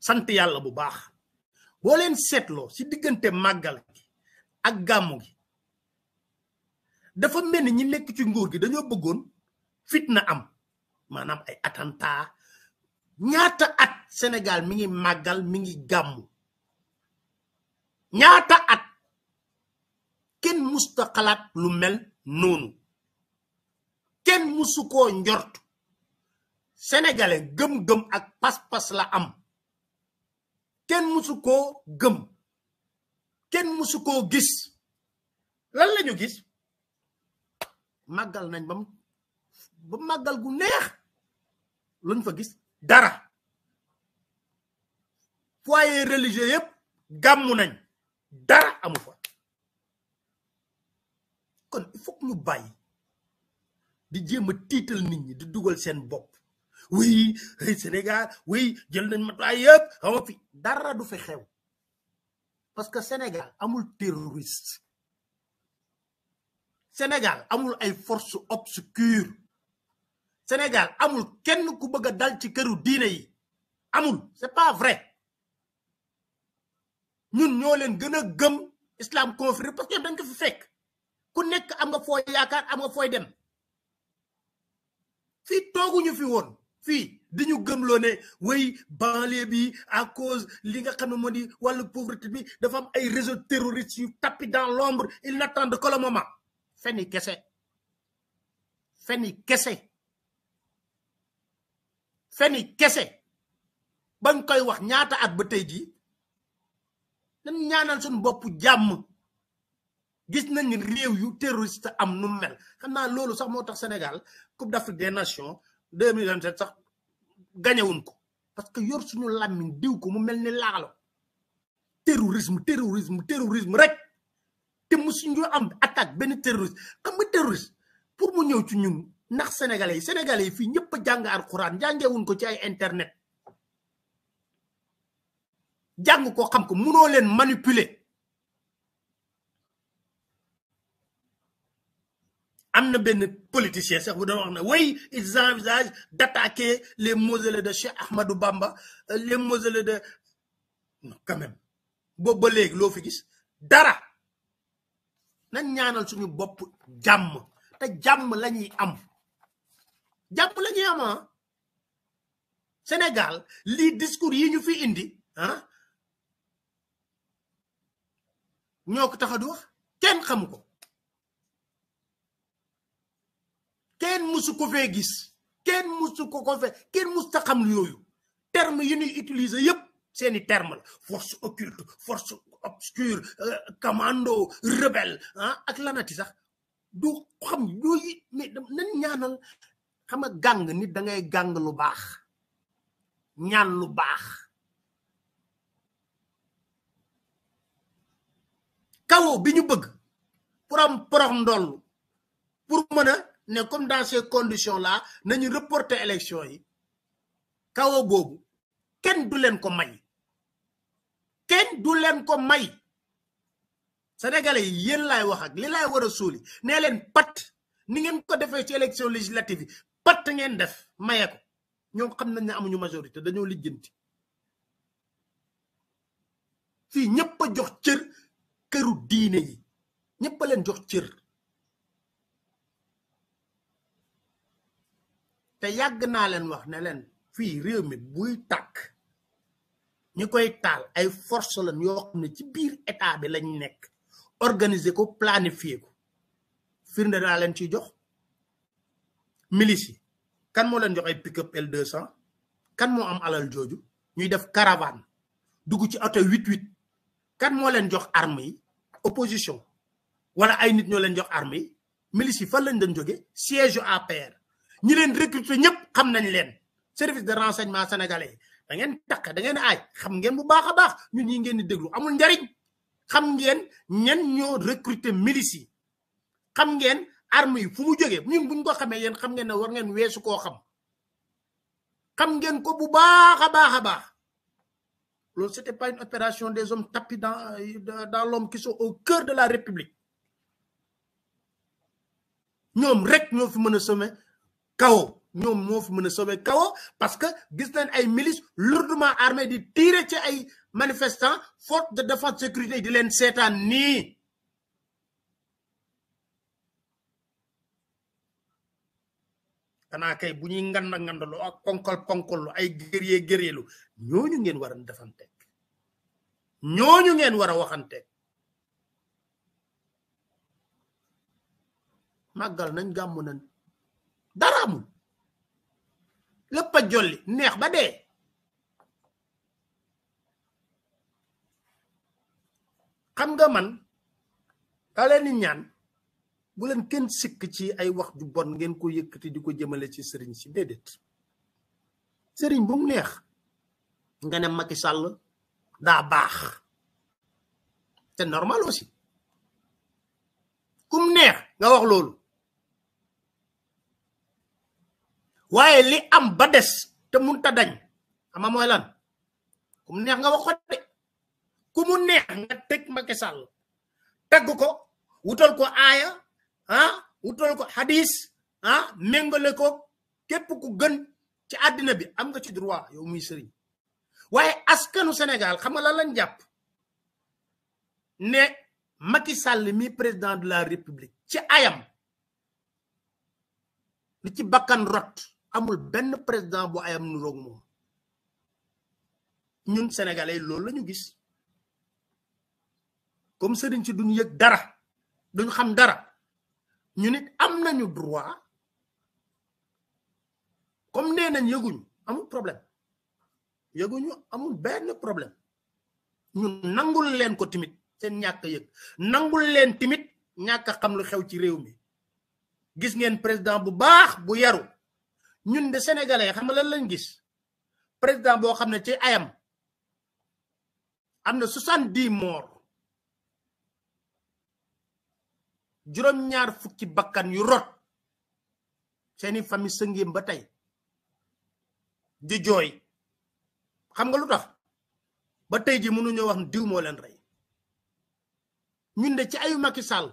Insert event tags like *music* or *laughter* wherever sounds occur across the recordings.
sant yàlla bu baax boo seetloo ci diggante màggal gi ak gàmmu gi dafa mel ni ñi lekk ci nguur gi dañoo bëggoon fitna am maanaam ay attentat ñaata at Sénégal mi ngi màggal mi ngi gàmmu ñaata at kenn musta lu mel noonu kenn musukoo koo njort sénégalais gëm-gëm ak pas-pas la am kenn musu koo gëm kenn musu koo gis lan la gis màggal nañ bam ba màggal gu neex luñ fa gis dara foyer religieux yépp gàmmu nañ dara amu fa kon il faut ñu bàyyi di jéem a tiital nit ñi di dugal seen bopp oui Sénégal oui jël nañ matuwaay yëpp xaw fi dara du fexew parce que Sénégal amul terroriste Sénégal amul ay force obscure Sénégal amul kenn ku bëgg a dal ci këru diine yi amul c'est pas vrai ñun ñoo leen gën a gëm islam confrérie parce que dañ ko fi fekk ku nekk am nga fooy yaakaar am nga fooy dem fii tooguñu fi woon fii dañu gëmloo ne way banlieue bi à cause li nga xam ne moo di wàllu pauvreté bi dafa am ay réseaux terroristes yu tapis dans l'ombre ils n'attendent que le moment fenni kese fenni kese fenni kese bañ koy wax ñaata at ba tey jii dañ ñaanal suñu bopp jàmm gis nañ réew yu terroriste am nu mel xam naa loolu sax moo tax Sénégal Coupe d'Afrique des Nations deux mille vingt sept sax gañewuñ ko parce que yor suñu làmmiñ diw ko mu mel ni laalo terrorisme terrorisme terrorisme rek te musuñu am attaque benn terroriste xam nga terroriste pour mu ñëw ci ñu ndax sénégalais yi sénégalais yi fii ñëpp a jàng alxuraan jàngewuñ ko ci ay internet jàng ko xam ko munoo leen manipuler am na benn politicien sax bu doon wax ne oui ils envisagent d'attaquer les mausolées de Cheikh Ahmadou Bamba euh, les mausolées de non quand même ba léegi loo fi gis dara nañ ñaanal suñu bopp jàmm te jàmm la ñuy am jàmm la ñuy am ah Sénégal lii discours yi ñu fi indi ah ñoo ko tax a du xamu ko. kenn musu ko fee gis kenn ko fee kenn musu ta yooyu terme yi ñuy utiliser yëpp seeni terme la force occulte force obscure euh, commando rebelle ah, ak lanati sax du xam yooyu mais nan ñaanal xam nga gàng nit da ngay gàng lu baax ñaan lu baax kawo bi ñu bëgg pour am porox ndoll pour ne comme dans ces conditions là nañu reporter élection yi kawo boobu kenn du leen ko may kenn du leen ko may sénégalais yi yéen laay wax ak li laay war a suuli nee leen pat ni ngeen ko defee ci élection législative yi pat ngeen def maye ñoom xam nañ ne amuñu majorité dañoo lijjanti fii ñëpp a jox cër këru diine yi ñëpp leen jox cër te yàgg naa leen wax ne leen fii réew mi buy tàkk ñi koy taal ay force lañ yoo xam ne ci biir état bi lañ nekk organiser ko planifier ko firnde naa leen ciy jox milice yi kan moo leen jox ay pick-up L200 kan moo am alal jooju ñuy def caravane dugg ci oto 88 kan moo leen jox arme yi opposition wala ay nit ñoo leen jox arme yi milice yi fan lañ doon jóge siège APR ñi leen recruter ñëpp xam nañ leen service de renseignement sénégalais da ngeen takk da ngeen aay xam ngeen bu baax a baax ñu ñi ngeen di déglu amul njariñ xam ngeen ñen ñoo recruter milice yi xam ngeen arme yi fu mu jógee ñun buñ ko xamee yen xam ngeen ne war ngeen weesu koo xam xam ngeen ko bu baax a baax a baax loolu c'était pas une opération des hommes tapis dans dans l'homme qui sont au cœur de la république ñoom rek ñoo fi mën a semer kawo ñoom moo fi mën a sauver kawo parce que gis nañ ay milices lourdement armées di tirer ci ay manifestant force de défense sécurité di leen seetaan nii xanaa bu ñuy nganda ngandaloo ak konkol konkollu ay guerrier guerrierlu ñooñu ngeen war a defanteeg ñooñu ngeen war a waxanteeg màggal nañ gàmm nañ dara amul lépp a jolli neex ba dee xam nga man daa leen ñaan bu leen kenn sikk ci ay wax ju bon ngeen ko yëkkati di ko jëmale ci sëriñ si déedéet sëriñ bu neex nga ne Macky daa baax te normal aussi ku neex nga wax loolu waaye li am ba des te munta dañ ama mooy lan ku mu neex nga wax ko teg Macky Sall ko wutal ko aaya ah wutal ko hadis ah méngale ko képp ku gën ci àddina bi am nga ci droit yow muy waaye askanu Sénégal xam nga lan lañ jàpp ne Macky Sall mi président de la République ci ayam li ci bakkan rot amul benn président bu ayam nu roog moom ñun sénégalais loolu lañu gis comme sëriñ si duñu yëg dara duñ xam dara ñu nit am nañu droit comme nee nañ yëguñu amul problème yëguñu amul benn problème ñu nangul leen ko timit seen ñàkk yëg nangul leen timit ñàkk xam lu xew ci réew mi gis ngeen président bu baax bu yaru ñun de sénégalais xam nga lan lañ gis président boo xam ne ci ayam am na soixante dix morts juróom-ñaar fukki bakkan yu rot seeni famille sëngéem ba tey di jooy xam nga lu tax ba tey ji mënuñoo wax diw moo leen rey ñun de ci ayu Macky Sall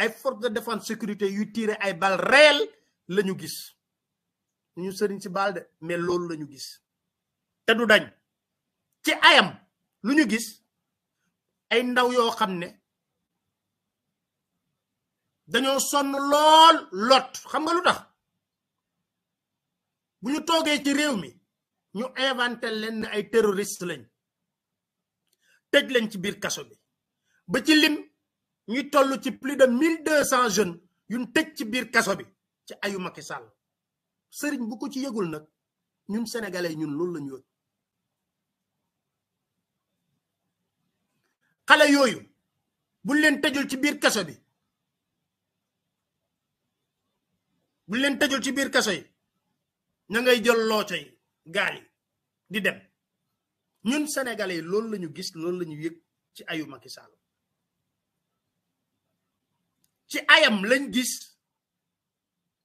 ay force de défense sécurité yu tiire ay balles réelles lañu gis ñu sëriñ si baal de mais loolu lañu gis te du dañ ci ayam lu ñu gis ay ndaw yoo xam ne dañoo sonn lool lot xam nga lu tax bu ñu toogee ci réew mi ñu inventé leen ay terroriste lañ tëj leen ci biir kaso bi ba ci lim ñuy toll ci plus de mille deux cents jeunes yuñ tëj ci biir kaso bi ci ayu Macky sëriñ bu ko ci yëgul nag ñun sénégalais ñun loolu lañu yëg xale yooyu buñ leen tëjul ci biir kaso bi buñ leen tëjul ci biir kaso yi na ngay jël looco yi di dem ñun sénégalais yi loolu lañu gis loolu lañu yëg ci ayu Macky ci ayam lañ gis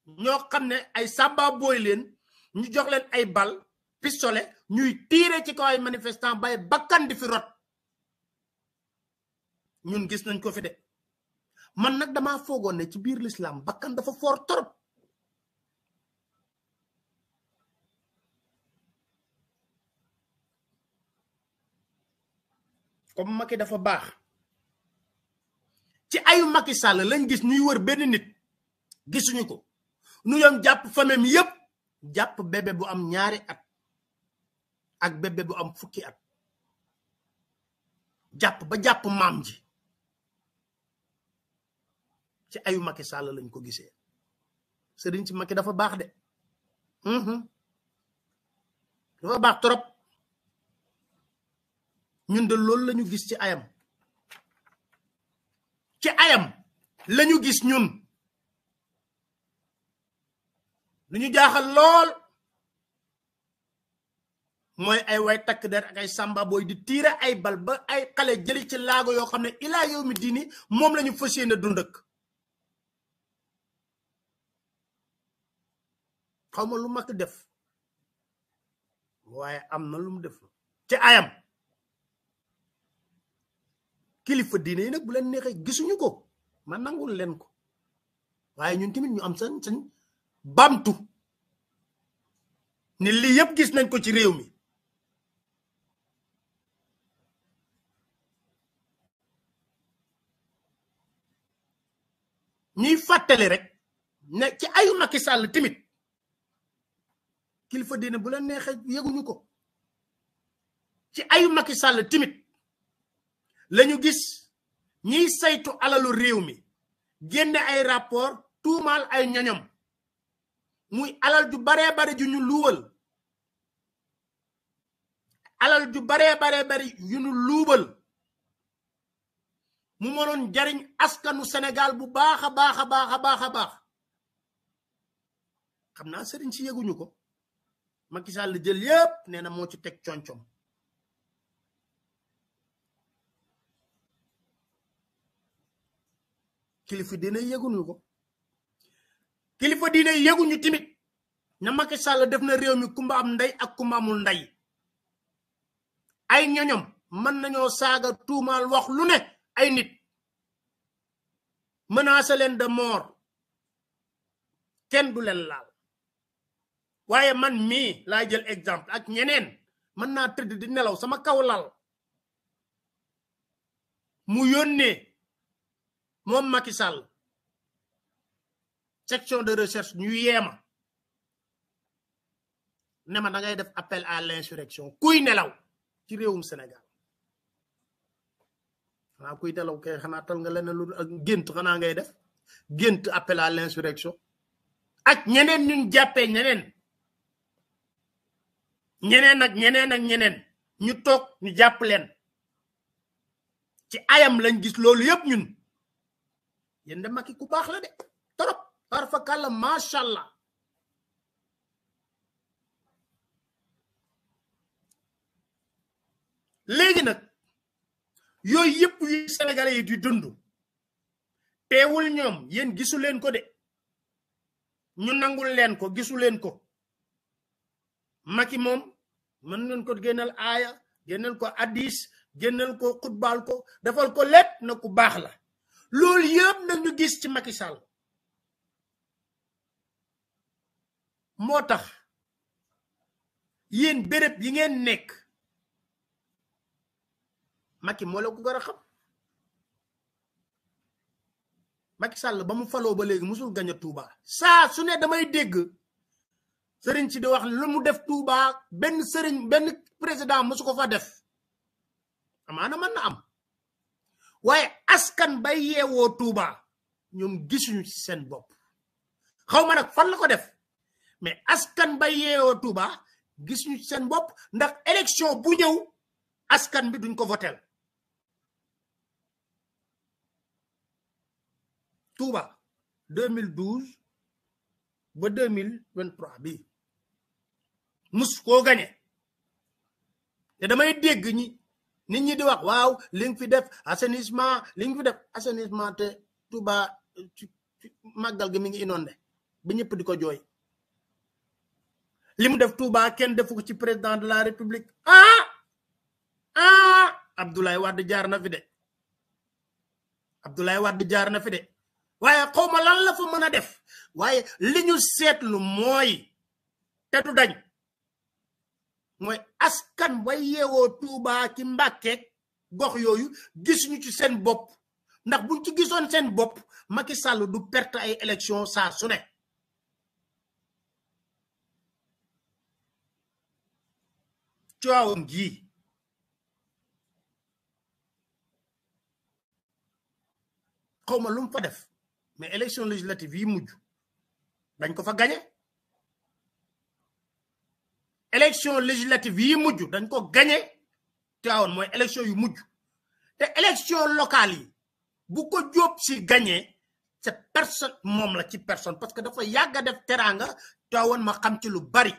ñoo xam ne ay sàmba booy leen ñu jox leen ay bal pistole ñuy tiire ci kaw ay manifestant bay bakkan di fi rot ñun gis nañ ko fi de man nag dama foogoon ne ci biir lislaam bakkan dafa foor torop comme Macky dafa baax ci ayu Macky sàll lañ gis ñuy wër benn nit gisuñu ko nu yoon jàpp famem yëpp jàpp bébé bu am ñaari at ak bebe bu am fukki at jàpp ba jàpp maam ji ci ayu Macky Sall lañ ko gisee sëriñ si Macky dafa baax de mhm. dafa baax trop ñun de loolu lañu gis ci ayam ci ayam lañu gis ñun lu ñu jaaxal lool mooy ay waay takk der ak ay sàmba booy di tiire ay bal ba ay xale jëli ci laago yoo xam ne ilaa yow mi diini moom lañu ñu fas yéene xaw ma lu mag def waaye am na lu mu def ci ayam kilifa diine yi nag bu leen neexee gisuñu ko ma nangul leen ko waaye ñun tamit ñu am sañ sañ bamtu ne lii yëpp gis nañ ko ci réew mi ñuy fàttali rek ne ci ayu Macky Sall tamit kilifa diine bu la neexee yëguñu ko ci ayu Macky Sall tamit lañu gis ñiy saytu alalu réew mi génne ay rapport tuumaal ay ñoñam muy alal ju baree bare ju ñu luubal alal ju baree baree bari yu ñu luubal mu moroon jariñ askanu Sénégal bu baax a baax a baax a baax a baax xam naa sëriñ si yëguñu ko Macky Sall la jël yépp nee na moo ci teg concom kilifa dina yëguñu ko kilifa diine yëguñu timit na Macky Sall def na réew mi kumba am ndey ak kumba amul ndey ay ñoñom mën nañoo saaga tuumaal wax lu ne ay nit menacer leen de mor kenn du leen laal waaye man mii laa jël exemple ak ñeneen mën naa tëdd di nelaw sama kaw lal mu yónnee moom Macky section de recherche ñu yeema ne ma da def appel à l'insurrection kuy nelaw ci réewum Sénégal xanaa kuy nelaw kay xanaa tal nga leneen lu ak gént xanaa ngay def gént appel à l'insurrection ak ñeneen ñun jàppee ñeneen ñeneen ak ñeneen ak ñeneen ñu toog ñu jàpp leen ci ayam lañ gis loolu yëpp ñun yéen de Macky ku baax la de torop xarfa kàlla macha allah léegi nag yooyu yëpp yu Sénégalais yi di dund teewul ñoom yéen gisu leen ko de ñu nangul leen ko gisuleen leen ko Macky moom mën ngeen ko génnal aaya génnal ko addis génnal ko xutbaal ko defal ko let na ku baax la loolu yëpp nag ñu gis ci Macky Sall moo tax yéen béréb yi ngeen nekk maki moo la ko a xam Macky Sall ba mu faloo ba léegi musul gañ a tuuba saa su ne damay dégg sëriñ si di wax lu mu def Touba benn sëriñ benn président musu ko fa def amaana mën na am waaye askan bay yeewoo tuuba ñoom gisuñu seen bopp xaw ma nag fan la ko def mais askan ba yeewoo Touba gis seen bopp ndax élection bu ñëw askan bi duñ ko votel Touba 2012 ba 2023 bi mus koo gañe te damay dégg ñi nit ñi di wax waaw li nga fi def assainissement li nga fi def assainissement te Touba màggal gi mi ngi inondé ba ñëpp di ko jooy li mu def Touba kenn defu ci président de la république ah ah Abdoulaye Wade jaar na fi de Abdoulaye Wade jaar na fi de waaye xawma lan la fa mën a def waaye li ñu seetlu mooy te du dañ mooy askan way yeewoo Touba ki Mbàkkeeg gox yooyu gisuñu ci seen bopp ndax bu ci gisoon seen bopp maki Sall du perte ay élection saa su ne Tiwaawoon gii xaw ma lum fa def mais élection législative yi mujj dañ ko fa gañe élection législative yi mujj dañ ko gañe Tiwaawoon mooy élection yu mujj te élection locale yi bu ko Jóob si gañee ca personne moom la ci personne parce que dafa yàgg a def teraanga Tiwaawoon ma xam ci lu bari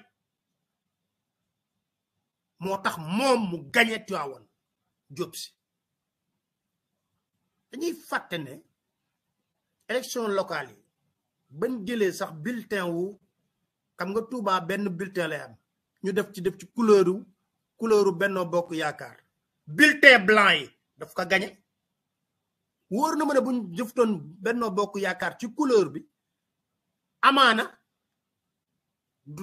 moo tax moom mu gañe Tiwaawan Jóob si dañuy fàtte ne élection locale yi bañ jëlee sax bulletin wu xam nga Touba benn bulletin lay am ñu def ci def ci couleuru couleuru Benno Bokk Yaakaar bulletin blanc yi daf ko gañe wóor na ma ne buñ jëftoon Benno Bokk Yaakaar ci couleur bi amaana du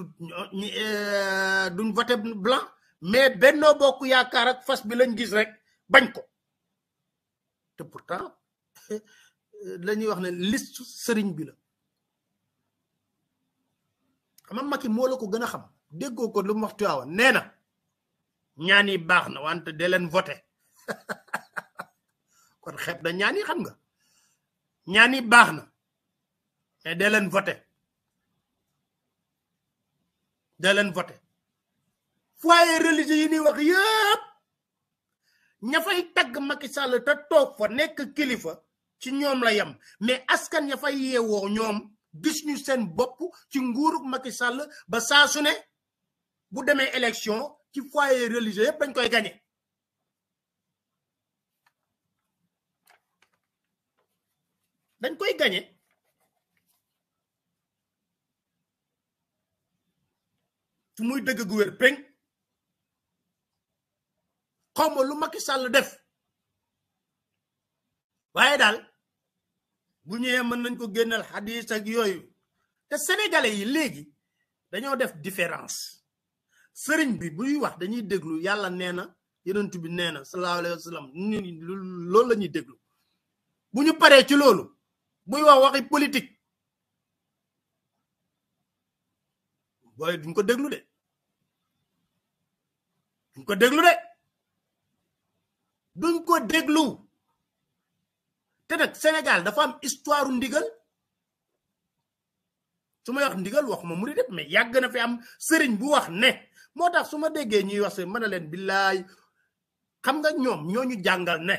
euh, duñ voté blanc mais Benno Bokk Yaakaar fas bi lañ gis rek bañ ko te pourtant la *laughs* ñuy wax ne liste sëriñ bi la xama Macky moo la ko gën a xam déggoo ko lu mu wax tuwaawa nee na ñaan yi baax na wante de leen voté *laughs* kon xepp da ñaan xam nga ñaan yi baax na mais de leen voté de leen voté foyer religieux yi ñuy wax yëpp ña fay tagg Macky Sall te toog fa nekk kilifa ci ñoom la yem mais askan ña fay yeewoo ñoom gis ñu seen bopp ci nguurug Macky Sall ba saa su ne bu demee élection ci foyer religieux yëpp dañ koy gañe dañ koy gañe fu muy dëgg gu wér péng xawma lu Macky Sall def waaye daal bu ñëwee mën nañ ko génnal xadis ak yooyu te sénégalais yi léegi dañoo def différence sëriñ bi bu buy wax dañuy déglu yàlla nee na yonent bi nee na sallallahu alayhi lañuy sallam loolu déglu bu ñu paree ci loolu buy wax waxi politique booy duñ ko déglu de duñ ko déglu de duñ ko déglu te nag Sénégal dafa am histoire ndigal su may wax ndigal wax ma murid mais yàgg na fi am sëriñ bu wax ne moo tax su ma déggee ñuy wax se mën a leen billaay xam nga ñoom ñoo ñu jàngal ne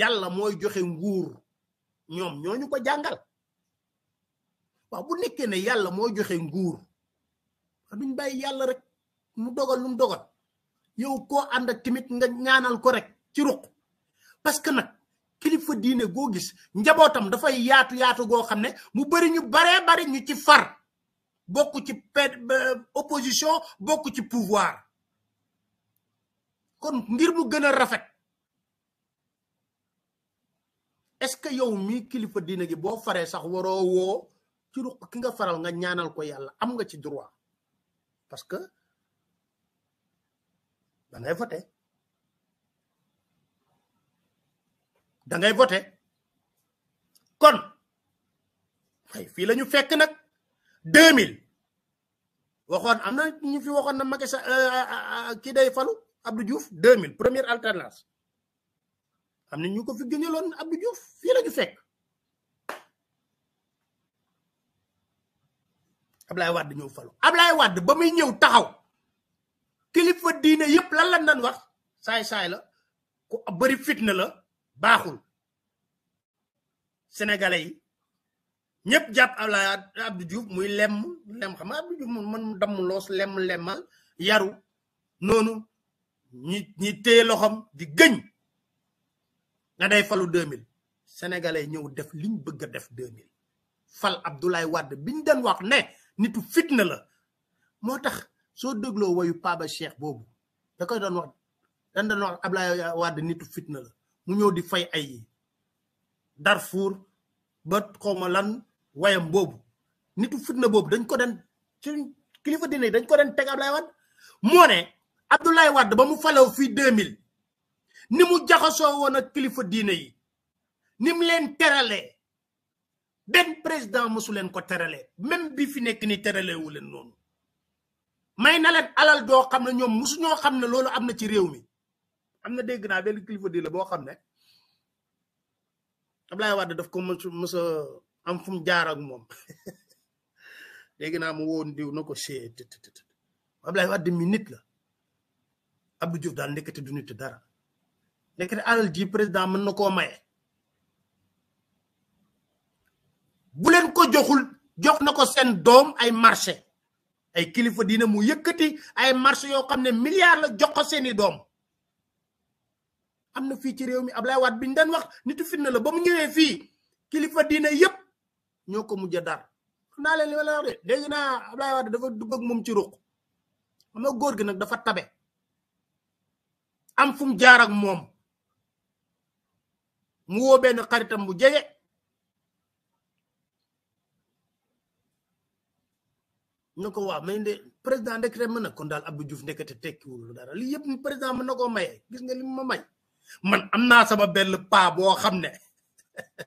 yàlla mooy joxe nguur ñoom ñooñu ko jàngal waaw bu nekkee ne yàlla mooy joxe nguur duñ bàyyi yàlla rek mu dogal lu mu yow koo ànd timit nga ñaanal ko rek ci ruq parce que nag kilifa diine goo gis njabootam dafay yaatu yaatu goo xam ne mu bëri ñu baree bari ñu ci far bokk ci opposition bokku ci pouvoir kon ngir mu gën a rafet est-ce que yow mii kilifa diine gi boo faree sax waroo woo ci ruq ki nga faral nga ñaanal ko yàlla am nga ci droit parce que da ngay voter dangay ngay kon waaye fii la ñu fekk nag 2000 waxoon am na ñu fi waxoon na Macky Sall euh, euh, euh, kii day falu Abdou Diouf 2000 première alternance am na ñu ko fi gëñaloon Abdou Diouf fii la ñu fekk Ablaye Wade ñëw falu Ablaye Wade ba muy ñëw taxaw kilifa diine yëpp lan lan nan wax saay saay la ku bëri fitna la baaxul sénégalais yi ñëpp jàpp Ablaye Abdou Diouf muy lem lem xam nga Abdou Diouf moom man mu loos lem lemal yaru noonu ñi ñi téye loxom di gëñ nga day falu 2000 sénégalais ñëw def liñ bëgg a def 2000 fal Abdoulaye Wade biñ dan wax ne nitu fitna la moo tax soo dégloo wayu Paba Cheikh boobu da koy doon wax dañ doon wax nitu fitna la mu ñëw di fay ay Darfour ba xaw lan wayam boobu nitu fitna boobu dañ ko den suñ kilifa dine dañ ko den teg Abdoulaye Wade moo ne Abdoulaye Wade ba mu falew fii 2000 ni mu jaxasoo woon ak kilifa diine yi ni mu leen teralee benn président mosu leen ko terale même bi fi nekk ni teraleewu leen noonu may na leen alal doo xam ne ñoom mosu ñoo xam ne loolu am na ci réew mi am na dégg naa benn kilifa di la boo xam ne Ablaye Wade daf ko mës mës a am moom *laughs* dégg naa mu woon diw na ko see të të të Ablaye Wade mi nit la abu Diouf daal ndekete du dara ndekete alal ji président mën na koo maye. bu ko joxul jox na ko seen doom ay marché ay kilifa dina mu yëkkati ay marché yoo xam ne milliards la jox seeni doom. am na fii ci réew mi Ablaye Wade biñ daan wax nitu fitna la ba mu ñëwee fii kilifa diine yëpp ñoo ko mujj a dar naa leen li ma la wax naa Ablaye dafa dugg ak moom ci ruq xam nga góor gi nag dafa tabe am fu mu moom mu woo benn xaritam bu jege na ko waaw may de président décret mën na kon daal Abdou Diouf ndekete tekkiwul lu dara lii yëpp président mën na koo maye gis nga li ma may man am naa sama benn paa boo xam ne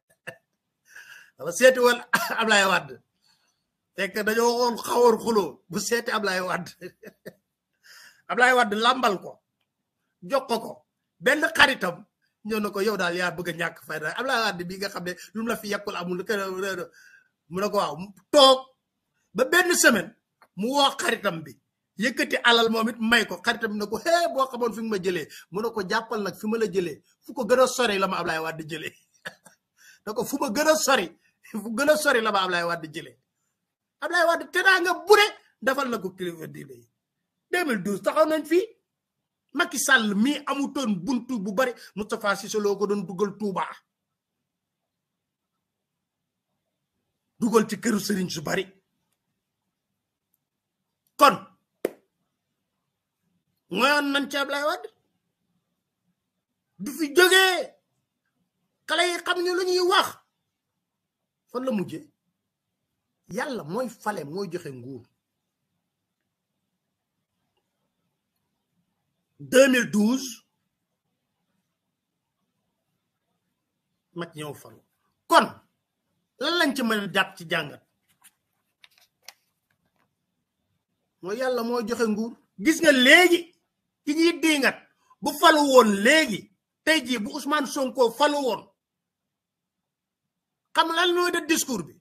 *laughs* dafa seeti woon *laughs* Ablaye Wade fekk dañoo woon xawoon xuloo bu seeti Ablaye Wade *laughs* Ablaye Wade làmbal ko jox ko ko benn xaritam ñëw na ko yow daal yaa bëgg a ñàkk fayda Ablaye Wade bii nga xam ne lu mu la fi yekkul amul kër mu ne ko waaw toog ba benn semaine mu woo xaritam bi yëkkati alal moom it may ko xaritam na ko hee boo xamoon fi nga ma jëlee mu ne ko jàppal nag fi ma la jëlee fu ko gën a sori la ma Ablaye Wade jëlee da *laughs* ko fu ma gën a sori fu gën a sori la ma Ablaye Wade jëlee Ablaye Wade teraanga bu defal na ko kilifa diine yi 2012 taxaw nañ fi Macky Sall mii amutoon buntu bu bari Moustapha Cissé Lo ko doon dugal Touba dugal ci këru sëriñ su bari ngoyoon nañ ci Ablaye Wade du fi jógee xale xam ñu lu ñuy wax fan la mujjee yàlla mooy fale mooy joxe nguur 2012 mag ñëw falu kon lan lañ ci mën a jàpp ci jàngat mooy yàlla mooy joxe nguur gis nga léegi ki ñuy diingat bu falu woon léegi tey jii bu Ousmane Sonko falu woon xam lan nooy def discours bi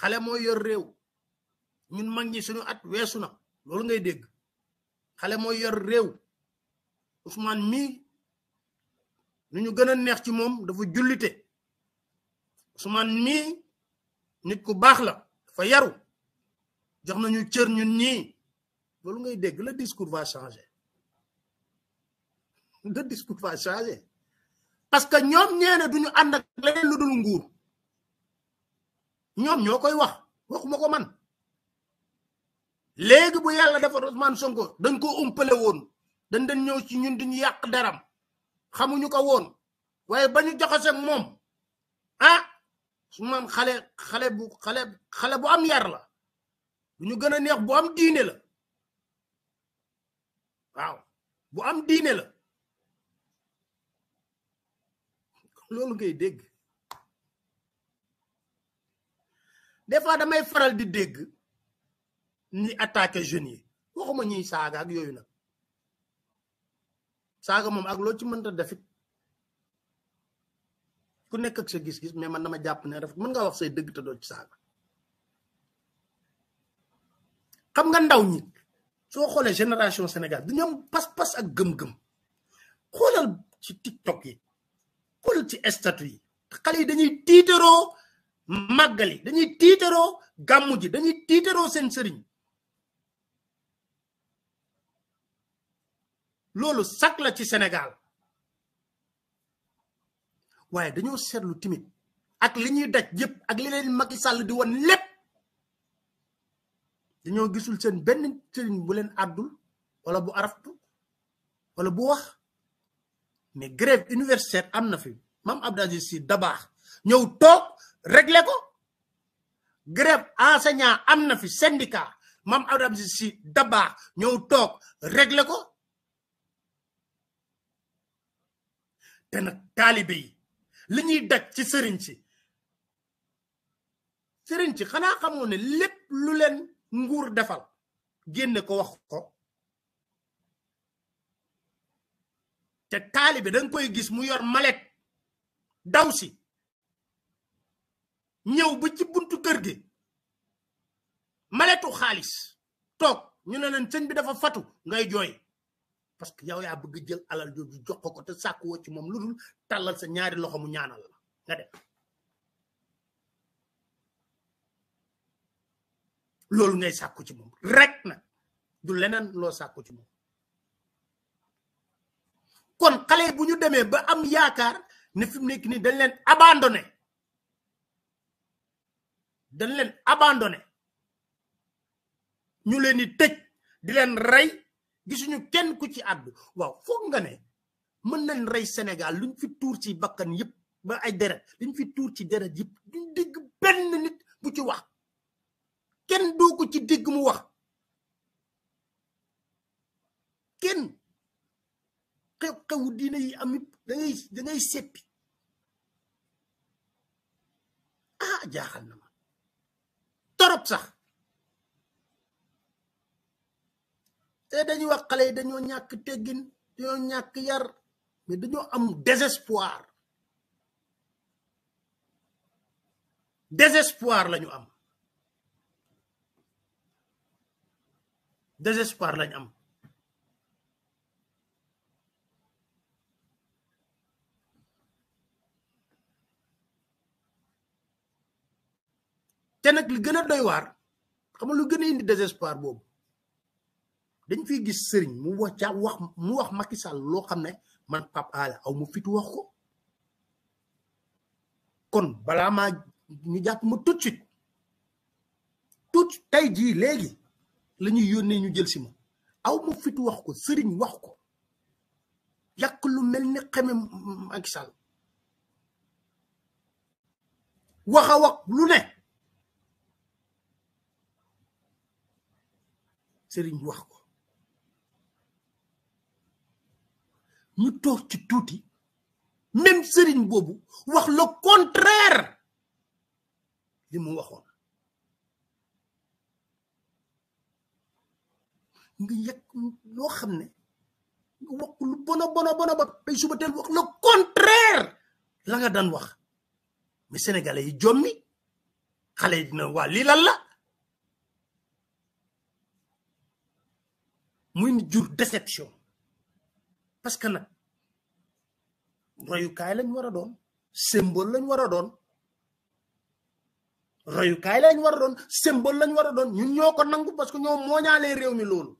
xale moo yor réew ñun mag ñi suñu at weesu na loolu ngay dégg xale moo yor réew Ousmane mii nu ñu gën a neex ci moom dafa jullite Ousmane mii nit ku baax la dafa yaru jox nañu cër ñun ñii loolu ngay dégg la discours va changer *laughs* le discours va parce que ñoom ñeene duñu ànd ak leneen lu dul nguur ñoom ñoo koy wax waxuma ko man léegi bu yàlla defar Ousmane Sonko dañ ko umpale woon dañ den ñëw ci ñun duñu yàq daram xamuñu ko woon waaye ba ñu joxase moom ah su maam xale xale bu xale xale bu am yar la bu ñu gën a neex bu am diine la waaw bu am diine la loolu ngay dégg des fois damay faral di dégg ñi attaqué jeunes yi waxuma ñuy saaga ak yooyu nag saaga moom ak loo ci mënta defit ku nekk sa gis-gis mais man dama jàpp ne rafet mën nga wax say dëgg te doo ci saaga xam nga ndaw ñi soo xoolee génération Sénégal dañu am pas-pas ak gëm-gëm xoolal ci TikTok yi xoolal ci statut yi xale yi dañuy tiitaroo màggal yi dañuy tiitaroo gàmmu ji dañuy tiitaroo seen sëriñ loolu sax la ci Sénégal waaye dañoo seetlu timit ak li ñuy daj yëpp ak li leen Macky Sall di woon lépp dañoo gisul seen benn sëriñ bu leen àddul wala bu araftu wala bu wax mais grève universitaire am na fi maam Abdou Aziz Sy Dabakh ñëw toog réglé ko grève enseignant am na fi syndicat mam Abdou Aziz Sy Dabakh ñëw toog réglé ko te nag taalibe li ñuy daj ci sëriñ si sëriñ si xanaa xamoo ne lépp lu leen nguur defal génne ko wax ko te taalibe danga koy gis mu yor malet daw si ñëw ba ci buntu kër gi maletu xaalis toog ñu ne leen sëñ bi dafa fatu ngay jooy parce que yow yaa bëgg jël alal jooju jox ko ko te sàkkuwoo ci moom lu dul tàllal sa ñaari loxo mu ñaanal la nga def loolu ngay sàkku ci moom rek na du leneen loo sàkku ci moom kon kale bu ñu demee ba am yaakaar ne fi mu nekk nii dañ leen abandone dañ leen abandonné ñu leen di tëj di leen rey gisuñu kenn ku ci àddu waaw foog nga ne mën nañ rey senegal luñ fi tuur ci bakkan yëpp ba ay deret luñ fi tuur ci deret yëpp duñ dégg benn nit bu ci wax kenn doo ko ci dégg mu wax kenn xew-xewu diine yi am it da ngay da seppi ah jaaxal na ma torop sax te dañuy wax xale yi dañoo ñàkk teggin dañoo ñàkk yar mais dañoo am désespoir désespoir lañu am désespoir lañ am te nag li gën a doy waar xam lu gën a indi désespoir boobu dañ fiy gis sëriñ mu wax ca wax mu wax Macky Sall loo xam ne man Pape Alé aw ma fit wax ko kon balaa maa ñu jàpp ma tout de suite jii léegi la ñuy yónnee ñu jël si ma aw ma fit wax ko sëriñ wax ko yàq lu mel ni xeme Macky Sall lu ne sëriñ wax ko ñu toog ci tuuti même sëriñ boobu wax le contraire li mu waxoon nga yëg loo xam ne nga wax lu bona bona bona ba tey suba teel wax le contraire la nga daan wax mais sénégalais yi jommi xale yi dina waa lii lan la muy ni jur déception parce que nag royukaay lañ war a doon symbole lañ war a doon royukaay lañ war a doon symbole lañ war a doon ñun ñoo ko nangu parce que ñoo mooñaalee réew mi loolu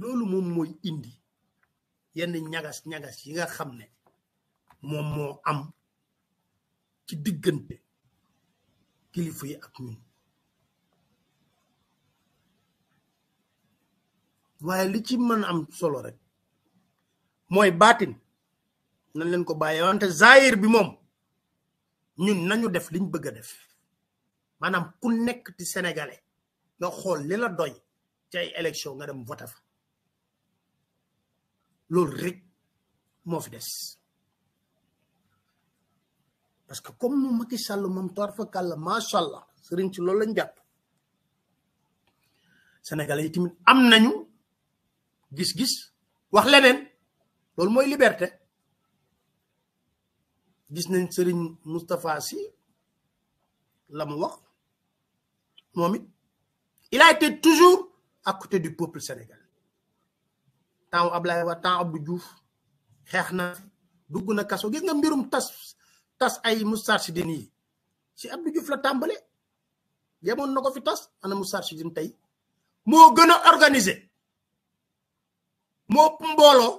loolu moom mooy indi yenn ñagas-ñagas yi nga xam ne moom moo am ci diggante kilifa yi ak ñun waaye li ci mën am solo rek mooy baatin nañ leen ko bàyyee wante zaahir bi moom ñun nañu def liñ bëgg a def maanaam ku nekk ci sénégalais nga xool lila doy ci ay nga dem vote fa loolu rekk moo fi des parce que comme moom Macky Sall moom toor fa kàlla macha allah sëriñ ci loolu lañ jàpp sénégal yi tamit am nañu gis-gis wax leneen loolu mooy liberté gis nañ sëriñ Moustapha Sy la mu wax moom it il a toujours à côté du peuple sénégal temps Ablaye wa temps Abdou Diouf xeex na dugg na kaso gis nga mbirum tas tas ay Moustarchidine yi si Abdou Diouf la tàmbale yemoon na ko fi tas ana Moustarchidine tey moo gën a organisé moo mbooloo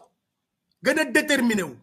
gën a déterminé wu